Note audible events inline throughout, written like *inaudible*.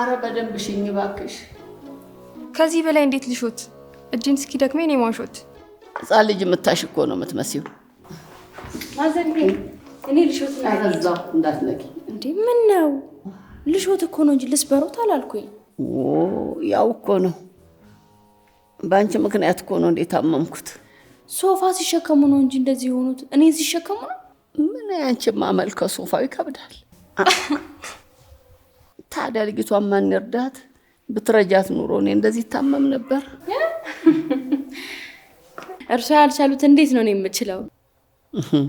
አረ በደንብ ሽኝ ባክሽ። ከዚህ በላይ እንዴት ልሾት? እጅን እስኪ ደክሜ እኔ ማሾት። ህፃን ልጅ የምታሽ እኮ ነው የምትመስዩ። ማዘኔ እኔ ልሾት ናዛው እንዳትነቂ። እንዴ ምን ነው ልሾት እኮ ነው እንጂ ልስበሮት አላልኩኝ። ያው እኮ ነው በአንቺ ምክንያት እኮ ነው እንዴ ታመምኩት። ሶፋ ሲሸከሙ ነው እንጂ እንደዚህ የሆኑት እኔ ሲሸከሙ ነው። ምን ያንቺ ማመል ሶፋው ይከብዳል። ታዲያ ልጅቷን ማን እርዳት? ብትረጃት ኑሮ እኔ እንደዚህ ይታመም ነበር። *laughs* እርሷ ያልቻሉት እንዴት ነው የምችለው? *laughs*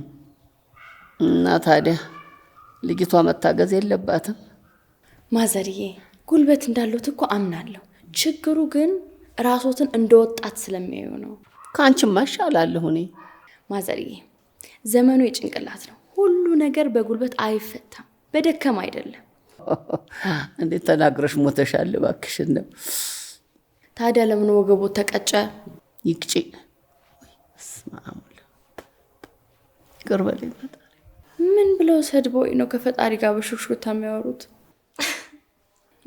እና ታዲያ ልጅቷ መታገዝ የለባትም? ማዘርዬ ጉልበት እንዳሉት እኮ አምናለሁ። ችግሩ ግን ራሶትን እንደ ወጣት ስለሚያዩ ነው። ከአንቺማ እሻላለሁ እኔ ማዘርዬ። ዘመኑ የጭንቅላት ነው። ሁሉ ነገር በጉልበት አይፈታም፣ በደከም አይደለም እንዴት ተናግረሽ ሞተሻል እባክሽን ነው። ታዲያ ለምን ወገቦ ተቀጨ? ይቅጭ ቅርበል ምን ብለው ሰድቦኝ ነው ከፈጣሪ ጋር በሹክሹክታ የሚያወሩት?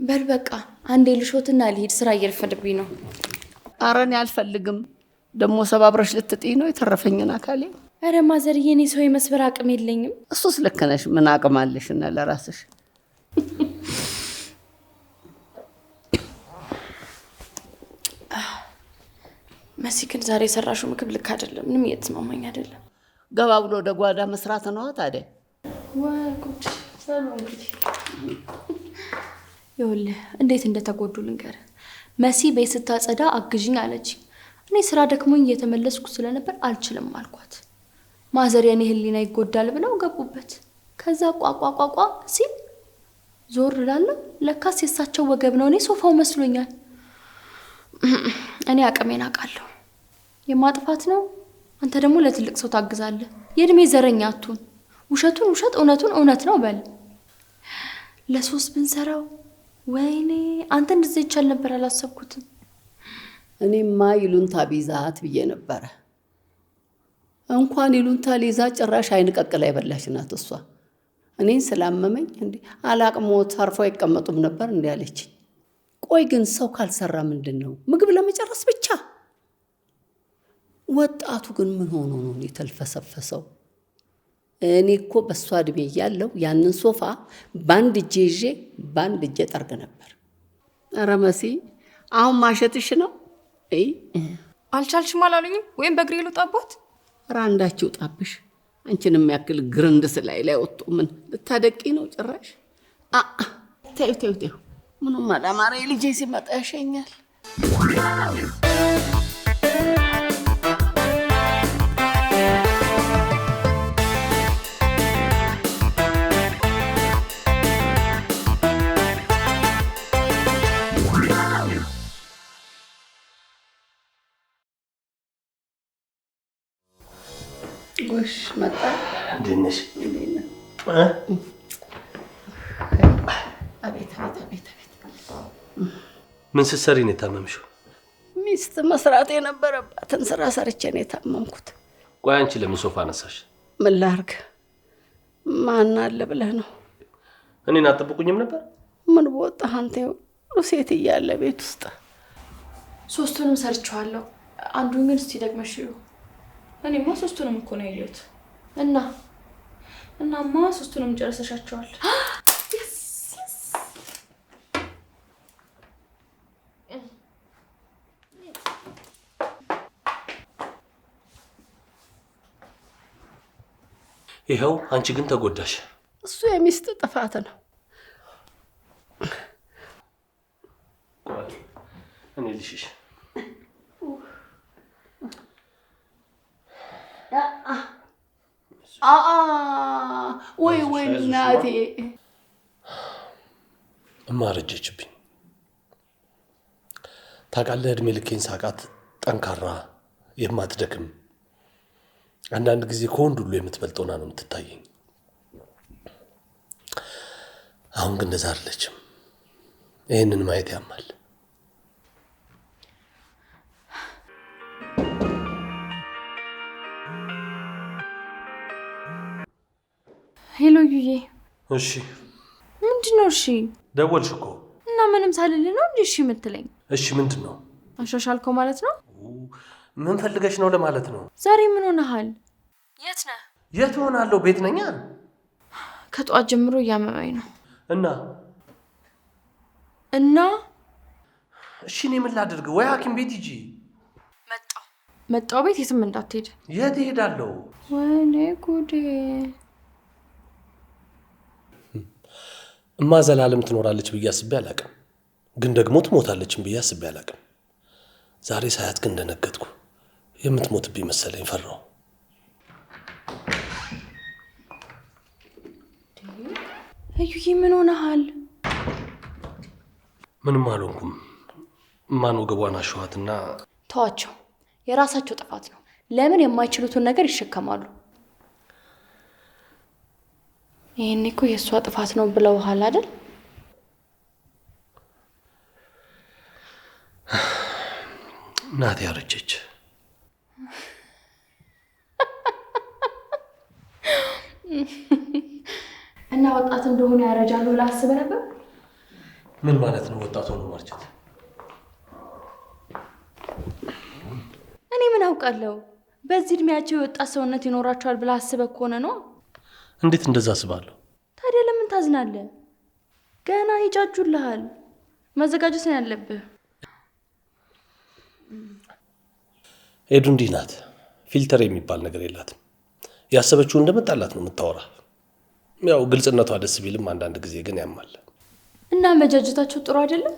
በል በቃ አንዴ ልሾትና ልሂድ፣ ስራ እየረፈደብኝ ነው። ኧረ እኔ አልፈልግም። ደግሞ ሰባብረሽ ልትጥይ ነው የተረፈኝን አካሌ። አረ ማዘርዬ፣ እኔ ሰው የመስበር አቅም የለኝም። እሱስ ልክ ነሽ። ምን አቅም አለሽና ለራስሽ መሲ ግን ዛሬ የሰራሽው ምግብ ልክ አይደለም። ምንም እየተስማማኝ አይደለም። ገባ ብሎ ወደ ጓዳ መስራት ነው ታዲያ ይኸውልህ እንዴት እንደተጎዱ ልንገር። መሲ ቤት ስታጸዳ አግዥኝ አለች። እኔ ስራ ደክሞኝ እየተመለስኩ ስለነበር አልችልም አልኳት። ማዘር የኔ ህሊና ይጎዳል ብለው ገቡበት። ከዛ ቋቋቋቋ ሲል ዞር እላለሁ። ለካስ የሳቸው ወገብ ነው፣ እኔ ሶፋው መስሎኛል። እኔ አቅሜን አውቃለሁ። የማጥፋት ነው። አንተ ደግሞ ለትልቅ ሰው ታግዛለህ። የእድሜ ዘረኛ አትሁን። ውሸቱን ውሸት እውነቱን እውነት ነው በል። ለሶስት ብንሰራው ወይኔ አንተ እንደዚ ይቻል ነበር አላሰብኩትም። እኔማ ይሉንታ ቢዛት ብዬ ነበረ። እንኳን ይሉንታ ሊዛ ጭራሽ ቀቅላ የበላሽ ናት እሷ። እኔን ስላመመኝ እንዲ አላቅሞት ተርፎ አይቀመጡም ነበር እንዲ አለችኝ። ቆይ ግን ሰው ካልሰራ ምንድን ነው? ምግብ ለመጨረስ ብቻ። ወጣቱ ግን ምን ሆኖ ነው የተልፈሰፈሰው? እኔ እኮ በእሷ እድሜ እያለሁ ያንን ሶፋ በአንድ እጄ ይዤ በአንድ እጄ ጠርግ ነበር። ኧረ መሲ አሁን ማሸትሽ ነው። አልቻልሽም አላሉኝም ወይም በእግሬ ልውጣቦት? ኧረ ጣብሽ አንቺን የሚያክል ግርንድ ስላይ ላይ ወጥቶ ምን ልታደቂ ነው? ጭራሽ ተዩ ምኑም አላማረ ልጄ ሲመጣ ያሸኛል። ድንሽ መጣ። ድንሽ ምን ስትሰሪ ነው የታመምሽው? ሚስት መስራት የነበረባትን ስራ ሰርቼ ነው የታመምኩት። ቆይ አንቺ ለምን ሶፋ አነሳሽ? ምን ላድርግ? ማን አለ ብለህ ነው? እኔን አጠብቁኝም ነበር። ምን በወጣ አንተ ሴት እያለ ቤት ውስጥ ሶስቱንም ሰርቼዋለሁ። አንዱን ግን እስቲ ደግመሽ እኔማ ሶስቱንም እኮ ነው ያየሁት። እና እናማ ሶስቱንም ጨርሰሻቸዋል። *gasps* ይኸው አንቺ ግን ተጎዳሽ። እሱ የሚስት ጥፋት ነው። እኔ ልሽሽ ወይ ወይ እናቴ እማረጀችብኝ ታውቃለህ። እድሜ ልኬን ሳቃት ጠንካራ የማትደክም አንዳንድ ጊዜ ከወንድ ሁሉ የምትበልጥ ነው የምትታየኝ። አሁን ግን እንደዛ አይደለችም። ይህንን ማየት ያማል። ሄሎዬ። እሺ ምንድን ነው? እሺ ደወልሽ እኮ እና ምንም ሳልል ነው እንጂ እሺ የምትለኝ? እሺ ምንድን ነው? አሻሻልከው ማለት ነው? ምን ፈልገሽ ነው ለማለት ነው። ዛሬ ምን ሆነሃል? የት ነህ? የት ሆናለሁ? ቤት ነኛ። ከጠዋት ጀምሮ እያመመኝ ነው እና እና እሺ እኔ ምን ላድርግ? ወይ ሐኪም ቤት ሂጂ። መጣሁ መጣሁ ቤት የትም እንዳትሄድ። የት እሄዳለሁ? ወይኔ ጉዴ እማ ዘላለም ትኖራለች ብዬ አስቤ አላቅም፣ ግን ደግሞ ትሞታለችም ብዬ አስቤ አላቅም። ዛሬ ሳያት ግን እንደነገጥኩ የምትሞትብኝ መሰለኝ ፈራው። እዩዬ ምን ሆነሃል? ምንም አልሆንኩም። ማን ወገቧን አሸዋትና ተዋቸው፣ የራሳቸው ጥፋት ነው። ለምን የማይችሉትን ነገር ይሸከማሉ? ይህን እኮ የእሷ ጥፋት ነው ብለውሃል አይደል? ናት ያረጀች። እና ወጣት እንደሆነ ያረጃሉ ብለህ አስበህ ነበር? ምን ማለት ነው ወጣት ሆኖ ማርጀት? እኔ ምን አውቃለሁ። በዚህ እድሜያቸው የወጣት ሰውነት ይኖራቸዋል ብለህ አስበህ ከሆነ ነው እንዴት እንደዛ አስባለሁ? ታዲያ ለምን ታዝናለህ? ገና ይጫጁልሃል። መዘጋጀት ነው ያለብህ። ኤዱ እንዲህ ናት። ፊልተር የሚባል ነገር የላትም። ያሰበችው እንደመጣላት ነው የምታወራ። ያው ግልጽነቷ ደስ ቢልም አንዳንድ ጊዜ ግን ያማል። እና መጃጀታቸው ጥሩ አይደለም።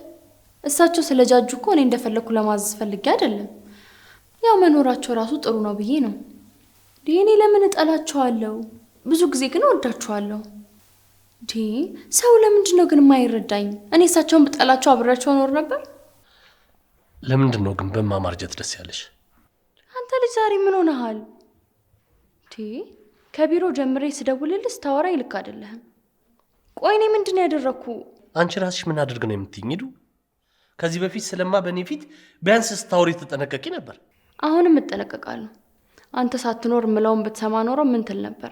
እሳቸው ስለ ጃጁ እኮ እኔ እንደፈለግኩ ለማዘዝ ፈልጌ አይደለም። ያው መኖራቸው ራሱ ጥሩ ነው ብዬ ነው። እኔ ለምን እጠላቸዋለሁ? ብዙ ጊዜ ግን እወዳችኋለሁ። ዲ ሰው ለምንድን ነው ግን የማይረዳኝ? እኔ እሳቸውን ብጠላቸው አብሬያቸው ኖር ነበር። ለምንድን ነው ግን በማማርጀት ደስ ያለሽ? አንተ ልጅ ዛሬ ምን ሆነሃል? ዲ ከቢሮ ጀምሬ ስደውልልህ ስታወራ ይልክ አይደለህም። ቆይ እኔ ምንድን ነው ያደረግኩ? አንቺ ራስሽ ምን አድርግ ነው የምትይኝ? ሂዱ ከዚህ በፊት ስለማ በእኔ ፊት ቢያንስ ስታወሪ ትጠነቀቂ ነበር። አሁንም እጠነቀቃለሁ። አንተ ሳትኖር ምለውን ብትሰማ ኖሮ ምን ትል ነበር?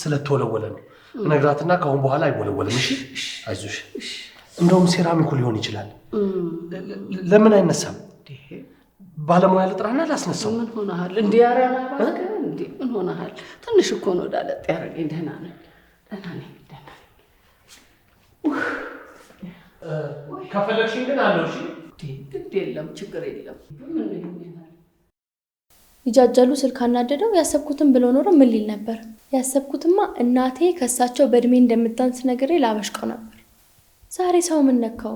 ስለተወለወለ ነው ነግራትና ከአሁን በኋላ አይወለወልም። እሺ፣ አይዞሽ። እንደውም ሴራሚኩ ሊሆን ይችላል። ለምን አይነሳም? ባለሙያ ልጥራና ላስነሳው። ምን ሆነሃል? እንዲ ያሪያና እንዲ ምን ሆነሃል? ትንሽ እኮ ነው ዳለጥ ያደረገኝ። ደህና ነኝ፣ ደህና ነኝ፣ ደህና ነኝ። ከፈለግሽኝ ግን አለው። እሺ፣ ግድ የለም፣ ችግር የለም። ይጃጃሉ ስልክ አናደደው። ያሰብኩትን ብሎ ኖሮ ምን ሊል ነበር? ያሰብኩትማ እናቴ ከእሳቸው በእድሜ እንደምታንስ ነገሬ ላበሽቀው ነበር። ዛሬ ሰው ምን ነካው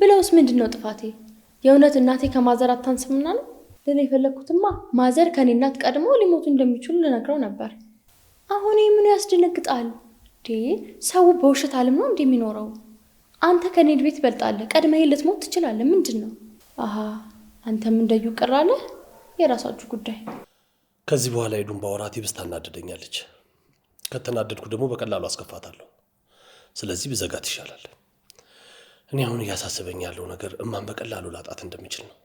ብለውስ ምንድን ነው ጥፋቴ? የእውነት እናቴ ከማዘር አታንስምና ነው ልን የፈለግኩትማ ማዘር ከኔ እናት ቀድሞ ሊሞቱ እንደሚችሉ ልነግረው ነበር። አሁን ምኑ ያስደነግጣል? ሰው በውሸት ዓለም ነው እንደሚኖረው። አንተ ከኔድ ቤት ትበልጣለህ፣ ቀድመህ ልትሞት ትችላለህ። ምንድን ነው አሀ፣ አንተም እንደዩ ቅራለህ? የራሳችሁ ጉዳይ። ከዚህ በኋላ የዱንባ ወራቴ ብስታ እናደደኛለች። ከተናደድኩ ደግሞ በቀላሉ አስከፋታለሁ። ስለዚህ ብዘጋት ይሻላል። እኔ አሁን እያሳሰበኝ ያለው ነገር እማን በቀላሉ ላጣት እንደምችል ነው።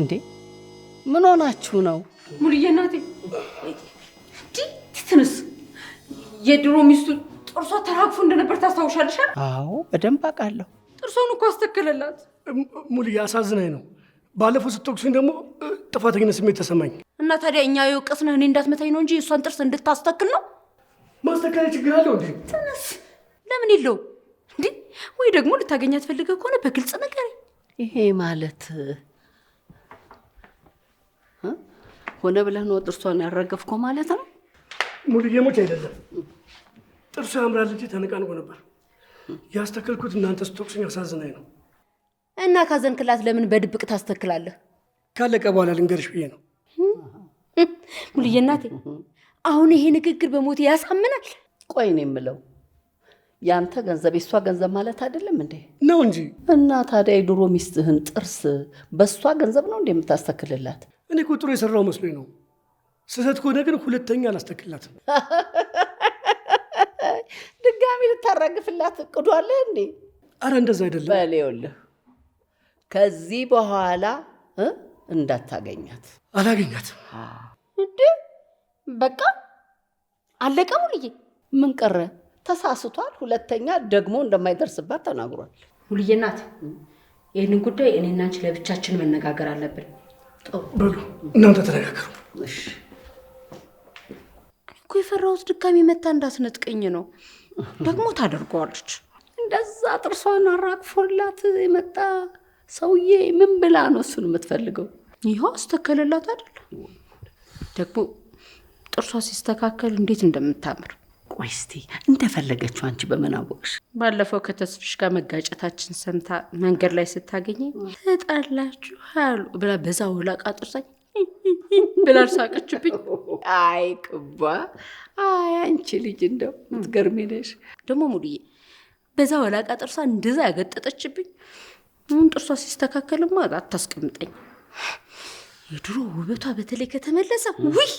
እንዴ ምን ሆናችሁ ነው ሙሉዬ? እናቴ የድሮ ሚስቱ ጥርሷ ተራግፎ እንደነበር ታስታውሻለሽ? አዎ በደንብ አውቃለሁ። ጥርሷን እኮ አስተከለላት። ሙሉ አሳዝናኝ ነው። ባለፈው ስትወቅሱኝ ደግሞ ጥፋተኝነት ስሜት ተሰማኝ እና ታዲያ እኛ የወቀስንህ እኔ እንዳትመታኝ ነው እንጂ እሷን ጥርስ እንድታስተክል ነው። ማስተከል ችግር አለው እንዴ? ትንስ ለምን የለው እንዴ? ወይ ደግሞ ልታገኝ ትፈልገ ከሆነ በግልጽ ነገር ይሄ ማለት ሆነ ብለህ ነው ጥርሷን ያረገፍከው ማለት ነው። ሙሉ ሞች አይደለም ጥርሱ ያምራል እንጂ ተነቃንቆ ነበር። ያስተከልኩት እናንተ ስትወቅሱኝ አሳዝናኝ ነው። እና ካዘንክላት ለምን በድብቅ ታስተክላለህ? ካለቀ በኋላ ልንገርሽ ብዬ ነው። ሙልዬ እናቴ፣ አሁን ይሄ ንግግር በሞት ያሳምናል። ቆይ ነው የምለው ያንተ ገንዘብ የእሷ ገንዘብ ማለት አይደለም እንዴ? ነው እንጂ። እና ታዲያ የድሮ ሚስትህን ጥርስ በእሷ ገንዘብ ነው እንዴ የምታስተክልላት? እኔ እኮ የሰራው መስሎኝ ነው። ስህተት ከሆነ ግን ሁለተኛ አላስተክልላትም። *laughs* ድጋሚ ልታራግፍላት እቅዷለህ እንዴ? አረ እንደዛ አይደለም። በል ይኸውልህ ከዚህ በኋላ እንዳታገኛት። አላገኛት እንዴ? በቃ አለቀ። ሙልዬ ምን ቀረ? ተሳስቷል። ሁለተኛ ደግሞ እንደማይደርስባት ተናግሯል። ሙልዬ ናት። ይህንን ጉዳይ እኔና አንቺ ለብቻችን መነጋገር አለብን። በሉ እናንተ ተነጋገሩ። እኮ የፈራሁት ድጋሚ መታ እንዳስነጥቀኝ ነው። ደግሞ ታደርገዋለች። እንደዛ ጥርሷን አራግፎላት የመጣ ሰውዬ ምን ብላ ነው እሱን የምትፈልገው? ይኸው አስተከለላት አይደል? ደግሞ ጥርሷ ሲስተካከል እንዴት እንደምታምር ቆይ እስቲ እንደፈለገችው አንቺ በምን አወቅሽ? ባለፈው ከተስፍሽ ጋር መጋጨታችን ሰምታ መንገድ ላይ ስታገኘ ተጣላችሁ አሉ ብላ በዛ ወላቃ ጥርሳኝ ብላ ሳቀችብኝ። አይ ቅባ፣ አይ አንቺ ልጅ እንደው ምትገርሚ ነሽ። ደግሞ ሙሉዬ በዛ ወላቃ ጥርሷ እንደዛ ያገጠጠችብኝ። ምን ጥርሷ ሲስተካከልማ አታስቀምጠኝ። የድሮ ውበቷ በተለይ ከተመለሰ ውይ፣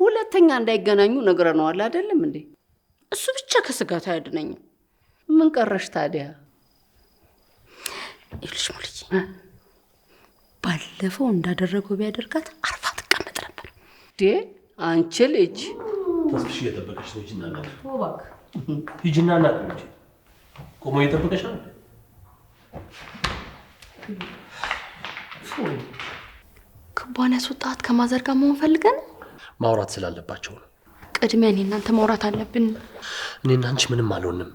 ሁለተኛ እንዳይገናኙ ነግረነዋል አይደለም እንዴ? እሱ ብቻ ከስጋት አያድነኝም። ምን ቀረሽ ታዲያ? ይኸውልሽ ሙሉዬ ባለፈው እንዳደረገው ቢያደርጋት አርፋ ትቀመጥ ነበር። ዴ አንቺ ልጅ ተስፍሽ እየጠበቀሽ ነው። ሂጂና ናት ሂጂና ናት ነው ቆሞ እየጠበቀሽ ነው። ክቧን ያስወጣት ከማዘር ጋር መሆን ፈልገን ማውራት ስላለባቸው ነው። ቅድሚያ እኔ እናንተ ማውራት አለብን። እኔ እናንች ምንም አልሆንም።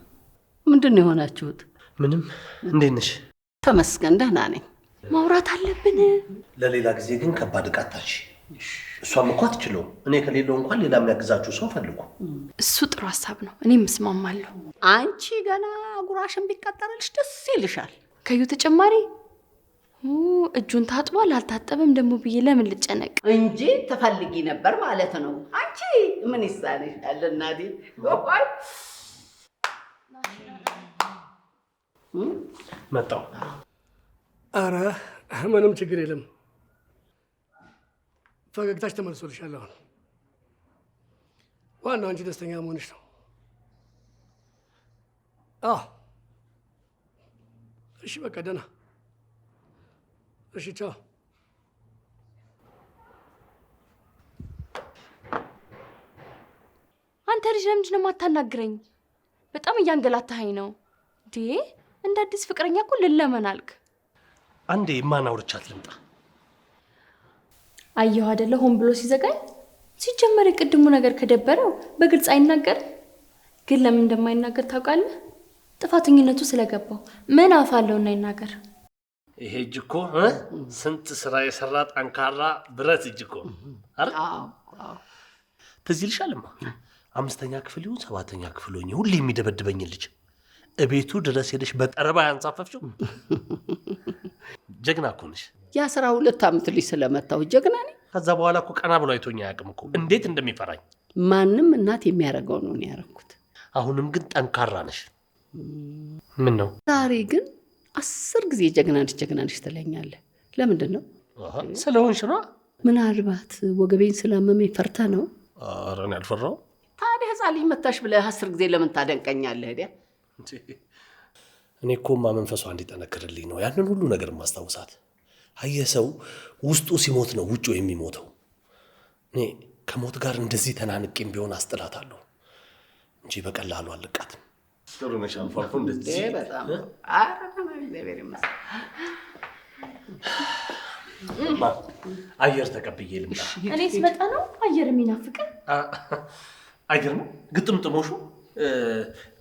ምንድን ነው የሆናችሁት? ምንም። እንዴት ነሽ? ተመስገን ደህና ነኝ። ማውራት አለብን። ለሌላ ጊዜ ግን ከባድ ቃታች እሷም እኮ አትችለው። እኔ ከሌለው እንኳን ሌላ የሚያግዛችሁ ሰው ፈልጉ። እሱ ጥሩ ሀሳብ ነው፣ እኔም እስማማለሁ። አንቺ ገና አጉራሽን ቢቀጠረልሽ ደስ ይልሻል። ከዩ ተጨማሪ እጁን ታጥቧል አልታጠበም ደግሞ ብዬ ለምን ልጨነቅ እንጂ ትፈልጊ ነበር ማለት ነው። አንቺ ምን ይሳንሻል? መጣው አረ ምንም ችግር የለም። ፈገግታች ተመልሶልሻል። አሁን ዋናው አንቺ ደስተኛ መሆንሽ ነው። አዎ እሺ፣ በቃ ደህና። እሺ፣ ቻው። አንተ ልጅ ለምንድን ነው የማታናግረኝ? በጣም እያንገላታኸኝ ነው። እንደ አዲስ ፍቅረኛ እኮ ልለመን አልክ። አንዴ የማን አውርቻት ልምጣ። አየሁ አይደለ? ሆን ብሎ ሲዘጋኝ። ሲጀመር የቅድሙ ነገር ከደበረው በግልጽ አይናገርም። ግን ለምን እንደማይናገር ታውቃለህ? ጥፋተኝነቱ ስለገባው ምን አፍ አለውና ይናገር። ይሄ እጅ እኮ ስንት ስራ የሰራ ጠንካራ ብረት እጅ እኮ። ትዝ ይልሻልማ አምስተኛ ክፍል ይሁን ሰባተኛ ክፍል ሆኜ ሁሌ የሚደበድበኝ ልጅ እቤቱ ድረስ ሄደሽ በጠረባ ያንሳፈፍችው ጀግና እኮ ነሽ። የአስራ ሁለት ዓመት ልጅ ስለመታሁ ጀግና ነኝ። ከዛ በኋላ እኮ ቀና ብሎ አይቶኝ አያውቅም እኮ እንዴት እንደሚፈራኝ። ማንም እናት የሚያደርገው ነው ያደረኩት። አሁንም ግን ጠንካራ ነሽ። ምን ነው ዛሬ ግን አስር ጊዜ ጀግና ነሽ ጀግና ነሽ ትለኛለህ። ለምንድን ነው? ስለሆንሽ ነዋ። ምናልባት ወገቤን ስላመመኝ ፈርተ ነው? ኧረ እኔ አልፈራሁም። ታዲያ ህፃን ልጅ መታሽ ብለህ አስር ጊዜ ለምን ታደንቀኛለህ? ዲያ እኔ እኮማ መንፈሷ እንዲጠነክርልኝ ነው ያንን ሁሉ ነገር ማስታውሳት። አየ ሰው ውስጡ ሲሞት ነው ውጭ የሚሞተው። እኔ ከሞት ጋር እንደዚህ ተናንቄም ቢሆን አስጥላታለሁ እንጂ በቀላሉ አልቃትም። ጥሩ ነሽ። አልፎ እንደዚህ አየር ተቀብዬ ልምጣ። እኔ ስመጣ ነው አየር የሚናፍቅ አየር ነው ግጥም ጥሞሹ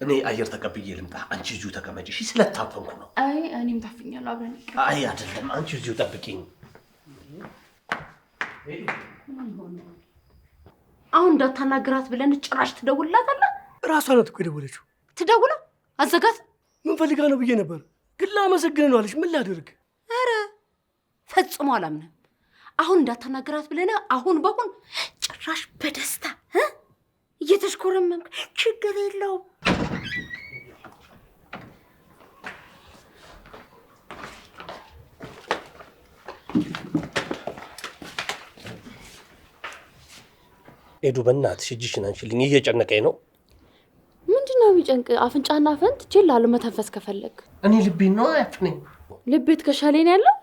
እኔ አየር ተቀብዬ ልምጣ፣ አንቺ እዚሁ ተቀመጭ። እሺ፣ ስለታፈንኩ ነው። አይ እኔም ታፍኛለሁ፣ አብረን። አይ አይደለም፣ አንቺ እዚሁ ጠብቂኝ። አሁን እንዳታናግራት ብለን ጭራሽ ትደውላታለ። ራሷ ናት እኮ የደወለችው። ትደውለው አዘጋት። ምን ፈልጋ ነው ብዬ ነበር፣ ግን ላመሰግን ነው አለች። ምን ላደርግ? ኧረ ፈጽሞ አላምንም። አሁን እንዳታናግራት ብለን አሁን በሁን ጭራሽ በደስታ እየተሽኮረመምክ ችግር የለውም። ኤዱ በእናትሽ እጅሽን አንሽልኝ፣ እየጨነቀኝ ነው። ምንድን ነው የሚጨንቅ? አፍንጫና አፈንት ችላሉ መተንፈስ ከፈለግ እኔ ልቤ ነው አያፍነኝ። ልቤ ትከሻሌ ያለው።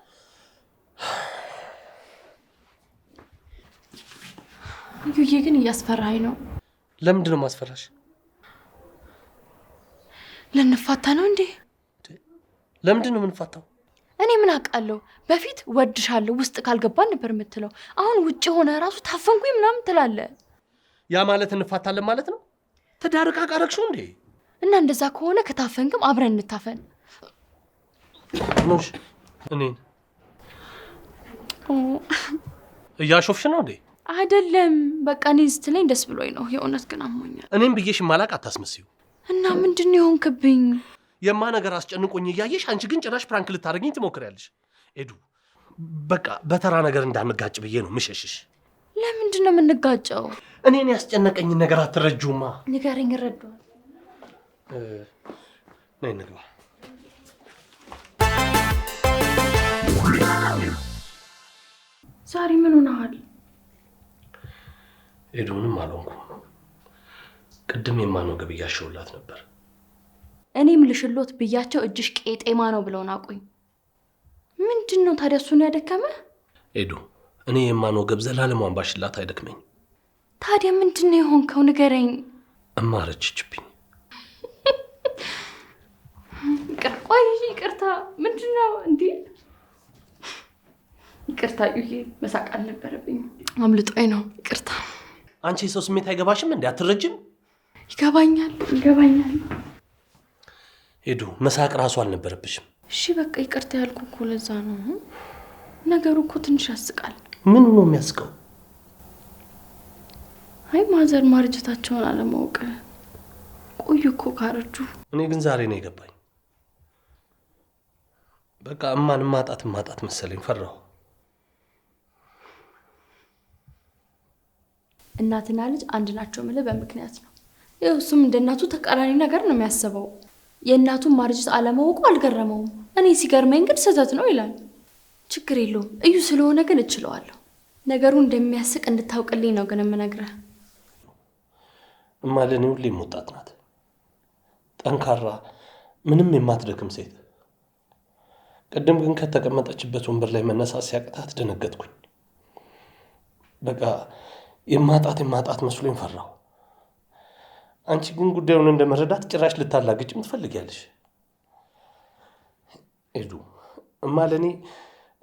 እዩዬ ግን እያስፈራኝ ነው ለምንድን ነው ማስፈራሽ? ልንፋታ ነው እንዴ? ለምንድን ነው የምንፋታው? እኔ ምን አውቃለሁ። በፊት ወድሻለሁ ውስጥ ካልገባን ነበር የምትለው። አሁን ውጭ ሆነ ራሱ ታፈንኩኝ ምናምን ትላለ። ያ ማለት እንፋታለን ማለት ነው? ተዳርቃ ቃረግሽው እንዴ? እና እንደዛ ከሆነ ከታፈንግም አብረን እንታፈን። እኔን እያሾፍሽ ነው እንዴ? አይደለም በቃ እኔ ስትለኝ ደስ ብሎኝ ነው። የእውነት ግን አሞኛል። እኔም ብዬሽ ማላቅ አታስመስዩ እና ምንድን ነው የሆንክብኝ? የማ ነገር አስጨንቆኝ እያየሽ አንቺ ግን ጭራሽ ፕራንክ ልታደርግኝ ትሞክሪያለሽ። ኤዱ በቃ በተራ ነገር እንዳንጋጭ ብዬ ነው ምሸሽሽ። ለምንድን ነው የምንጋጨው? እኔን ያስጨነቀኝን ነገር አትረጁማ። ንገረኝ። እረዳዋለሁ። ነይ እንግባ። ዛሬ ምን ሆነሃል? ኤዶንም አልሆንኩም። ቅድም የማነው ግብ እያሸውላት ነበር። እኔም ልሽሎት ብያቸው እጅሽ ቄጤማ ነው ብለውን አቁኝ። ምንድን ነው ታዲያ እሱን ያደከመ? ኤዱ እኔ የማነው ገብ ዘላለም ባሽላት አይደክመኝ። ታዲያ ምንድን ነው የሆንከው ንገረኝ። እማረችችብኝ። ቆይ ይቅርታ። ምንድን ነው እንዲህ ይቅርታ ዩዬ፣ መሳቅ አልነበረብኝ አምልጦኝ ነው። ይቅርታ አንቺ የሰው ስሜት አይገባሽም እንዴ? አትረጅም? ይገባኛል፣ ይገባኛል። ሄዱ መሳቅ ራሱ አልነበረብሽም። እሺ በቃ ይቅርታ ያልኩ እኮ ለዛ ነው። ነገሩ እኮ ትንሽ ያስቃል። ምን ነው የሚያስቀው? አይ ማዘር ማርጀታቸውን አለማወቅ ቆዩ እኮ ካረጁ። እኔ ግን ዛሬ ነው የገባኝ። በቃ እማን ማጣት ማጣት መሰለኝ ፈራሁ። እናትና ልጅ አንድ ናቸው ምልህ በምክንያት ነው። ይኸው እሱም እንደ እናቱ ተቃራኒ ነገር ነው የሚያስበው። የእናቱን ማርጅት አለማወቁ አልገረመውም። እኔ ሲገርመኝ ግን ስህተት ነው ይላል። ችግር የለውም እዩ ስለሆነ ግን እችለዋለሁ። ነገሩ እንደሚያስቅ እንድታውቅልኝ ነው ግን የምነግርህ። እማ ለእኔ ሁሌም ወጣት ናት፣ ጠንካራ፣ ምንም የማትደክም ሴት። ቅድም ግን ከተቀመጠችበት ወንበር ላይ መነሳት ሲያቅታት ደነገጥኩኝ። በቃ የማጣት የማጣት መስሎኝ ፈራሁ። አንቺ ግን ጉዳዩን እንደመረዳት ጭራሽ ልታላግጭም ትፈልጊያለሽ። ኤዱ እማ ለእኔ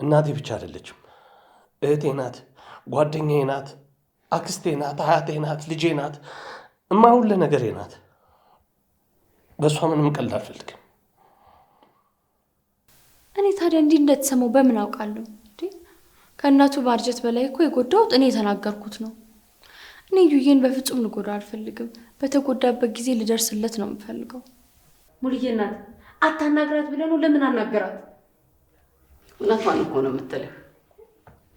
እናቴ ብቻ አይደለችም፣ እህቴ ናት፣ ጓደኛዬ ናት፣ አክስቴ ናት፣ አያቴ ናት፣ ልጄ ናት። እማ ሁለ ነገሬ ናት። በእሷ ምንም ቀልድ አልፈልግም። እኔ ታዲያ እንዲህ እንደተሰማው በምን አውቃለሁ? ከእናቱ ባርጀት በላይ እኮ የጎዳሁት እኔ የተናገርኩት ነው። እኔ ዩዬን በፍጹም ልጎዳ አልፈልግም። በተጎዳበት ጊዜ ልደርስለት ነው የምፈልገው። ሙልዬ እናት አታናግራት ብለህ ነው? ለምን አናገራት? እውነቷን እኮ ነው የምትልህ።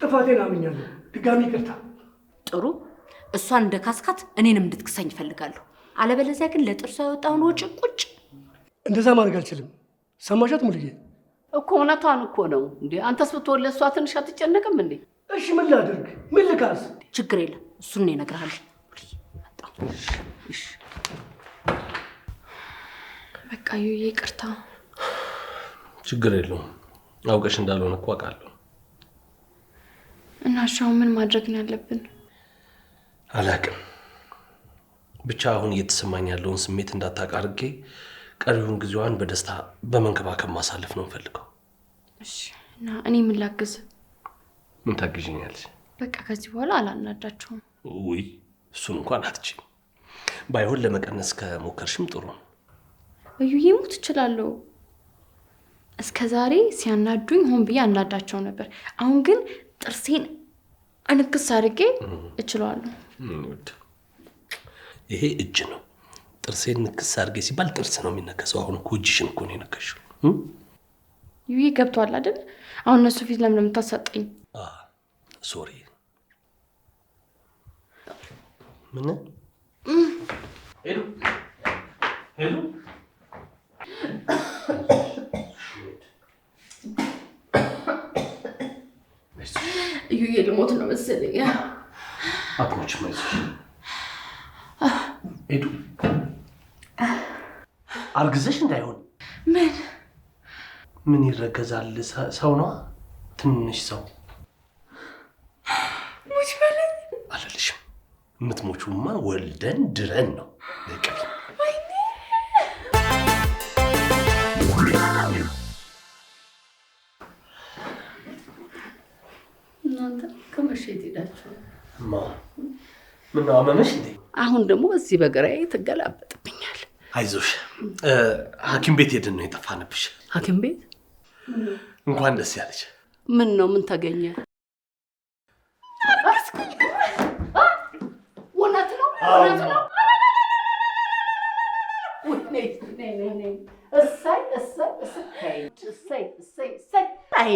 ጥፋቴን አምኛለሁ። ድጋሚ ይቅርታ። ጥሩ። እሷን እንደ ካስካት እኔንም እንድትክሰኝ ይፈልጋሉ። አለበለዚያ ግን ለጥርሷ ያወጣውን ወጪ ቁጭ። እንደዛ ማድረግ አልችልም። ሰማሻት ሙልዬ? እኮ እውነቷን እኮ ነው እንዴ። አንተስ ብትወለሷ ትንሽ አትጨነቅም እንዴ? እሺ ምን ላድርግ? ምን ልካስ? ችግር የለም እሱን እነግርሃለሁ። በቃ ይቅርታ። ችግር የለውም። አውቀሽ እንዳልሆነ እኮ አውቃለሁ። እና ሻው ምን ማድረግ ነው ያለብን? አላቅም ብቻ አሁን እየተሰማኝ ያለውን ስሜት እንዳታውቅ አድርጌ ቀሪውን ጊዜዋን በደስታ በመንከባከብ ማሳለፍ ነው የምፈልገው። እና እኔ ምን ላግዝ? ምን ታግዥኛለሽ? በቃ ከዚህ በኋላ አላናዳችሁም። ውይ እሱን እንኳን አትች ባይሆን ለመቀነስ ከሞከርሽም ጥሩ ነው። እዩ ሙት እችላለሁ። እስከ ዛሬ ሲያናዱኝ ሆን ብዬ አናዳቸው ነበር። አሁን ግን ጥርሴን አንክስ አድርጌ እችለዋለሁ። ይሄ እጅ ነው። ጥርሴን ንክስ አድርጌ ሲባል ጥርስ ነው የሚነከሰው። አሁን እኮ እጅሽን እኮ ነው የነከሽው። ይሄ ገብቷል አይደል? አሁን እነሱ ፊት ለምን የምታሳጠኝ? ሶሪ። ምን ሄሉ ሄሉ እዩዬ ልሞት ነው መሰለኝ። አፕሮች ማይዞሽ ሄዱ አርግዘሽ እንዳይሆን ምን ምን ይረገዛል? ሰው ነዋ፣ ትንሽ ሰው የምትሞቹማ ወልደን ድረን ነው። ምነው አመመሽ እንዴ? አሁን ደግሞ እዚህ በግራዬ ትገላበጥብኛል። አይዞሽ፣ ሐኪም ቤት ሄድን ነው የጠፋንብሽ። ሐኪም ቤት እንኳን ደስ ያለች። ምን ነው ምን ተገኘ?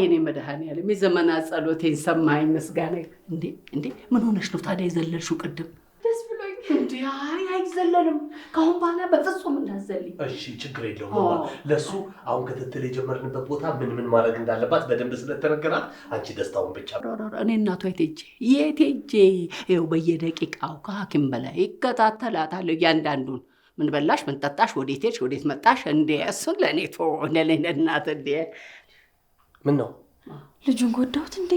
እኔ መድኃኒዓለም የዘመና ጸሎቴን ሰማኝ። ምስጋና እንዴ! ምን ሆነሽ ነው ታዲያ የዘለልሽው ቅድም? ደስ ብሎኝ እንዲ አይዘለልም። ከአሁን በኋላ በፍጹም እንዳዘልኝ። እሺ፣ ችግር የለውም። ለእሱ አሁን ክትትል የጀመርንበት ቦታ ምን ምን ማድረግ እንዳለባት በደንብ ስለተነገራት አንቺ ደስታውን ብቻ እኔ እናቱ የቴጄ የቴጄ ይኸው በየደቂቃው ከሐኪም በላይ ይከታተላታለሁ እያንዳንዱን ምን በላሽ፣ ምን ጠጣሽ፣ ወዴት ሄድሽ፣ ወዴት መጣሽ? እንዴ እሱን ለእኔ ቶ ለእናት እንዴ ምን ነው ልጁን ጎዳሁት እንዴ?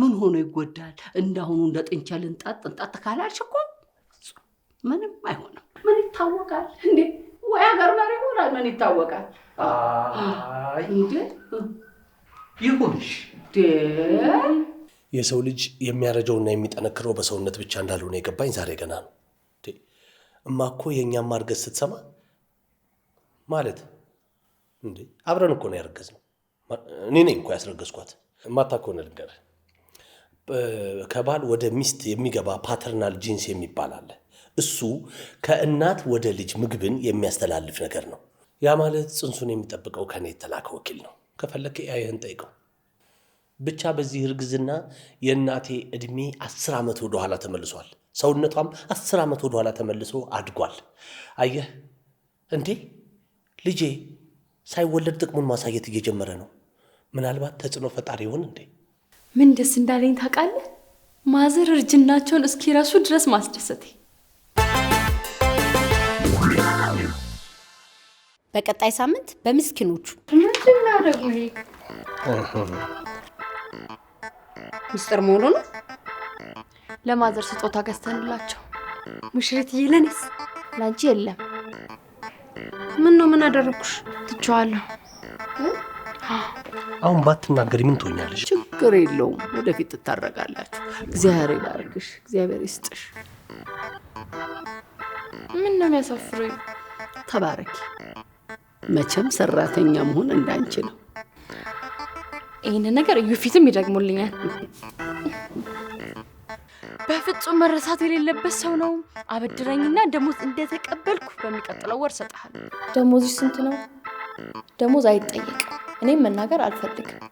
ምን ሆኖ ይጎዳል? እንዳሁኑ እንደ ጥንቸል እንጠጥ እንጠጥ ካላልሽ እኮ ምንም አይሆንም። ምን ይታወቃል እንዴ? ወይ ሀገር መሪ ይሆናል። ምን ይታወቃል እንዴ? ይሁንሽ። የሰው ልጅ የሚያረጀውና የሚጠነክረው በሰውነት ብቻ እንዳልሆነ የገባኝ ዛሬ ገና ነው። እማኮ የእኛም ማርገዝ ስትሰማ ማለት እንዴ አብረን እኮ ነው ያረገዝነው። እኔ ነኝ እኮ ያስረገዝኳት። እማታ ከሆነ ልንገርህ፣ ከባል ወደ ሚስት የሚገባ ፓተርናል ጂንስ የሚባል አለ እሱ ከእናት ወደ ልጅ ምግብን የሚያስተላልፍ ነገር ነው። ያ ማለት ጽንሱን የሚጠብቀው ከኔ የተላከ ወኪል ነው። ከፈለክ ኤአይህን ጠይቀው። ብቻ በዚህ እርግዝና የእናቴ ዕድሜ አስር ዓመት ወደኋላ ተመልሷል። ሰውነቷም አስር ዓመት ወደኋላ ተመልሶ አድጓል። አየህ እንዴ ልጄ ሳይወለድ ጥቅሙን ማሳየት እየጀመረ ነው። ምናልባት ተጽዕኖ ፈጣሪ ይሆን እንዴ? ምን ደስ እንዳለኝ ታውቃለህ? ማዘር እርጅናቸውን እስኪረሱ ድረስ ማስደሰቴ በቀጣይ ሳምንት በምስኪኖቹ ሚስጥር መሆኑ ነው። ለማዘር ስጦታ ገዝተንላቸው ሙሽሪት ይለንስ ላንቺ የለም። ምን ነው ምን አደረኩሽ? ትቼዋለሁ። አሁን ባትናገሪ ምን ትሆኛለሽ? ችግር የለውም። ወደፊት ትታረቃላችሁ። እግዚአብሔር ይባርክሽ፣ እግዚአብሔር ይስጥሽ። ምን ነው የሚያሳፍረኝ? ተባረኪ። መቼም ሰራተኛ መሆን እንዳንቺ ነው። ይህን ነገር እዩ ፊትም ይደግሙልኛል። በፍጹም መረሳት የሌለበት ሰው ነው። አበድረኝና ደሞዝ እንደተቀበልኩ በሚቀጥለው ወር ሰጥሃል። ደሞዝሽ ስንት ነው? ደሞዝ አይጠየቅም። እኔም መናገር አልፈልግም።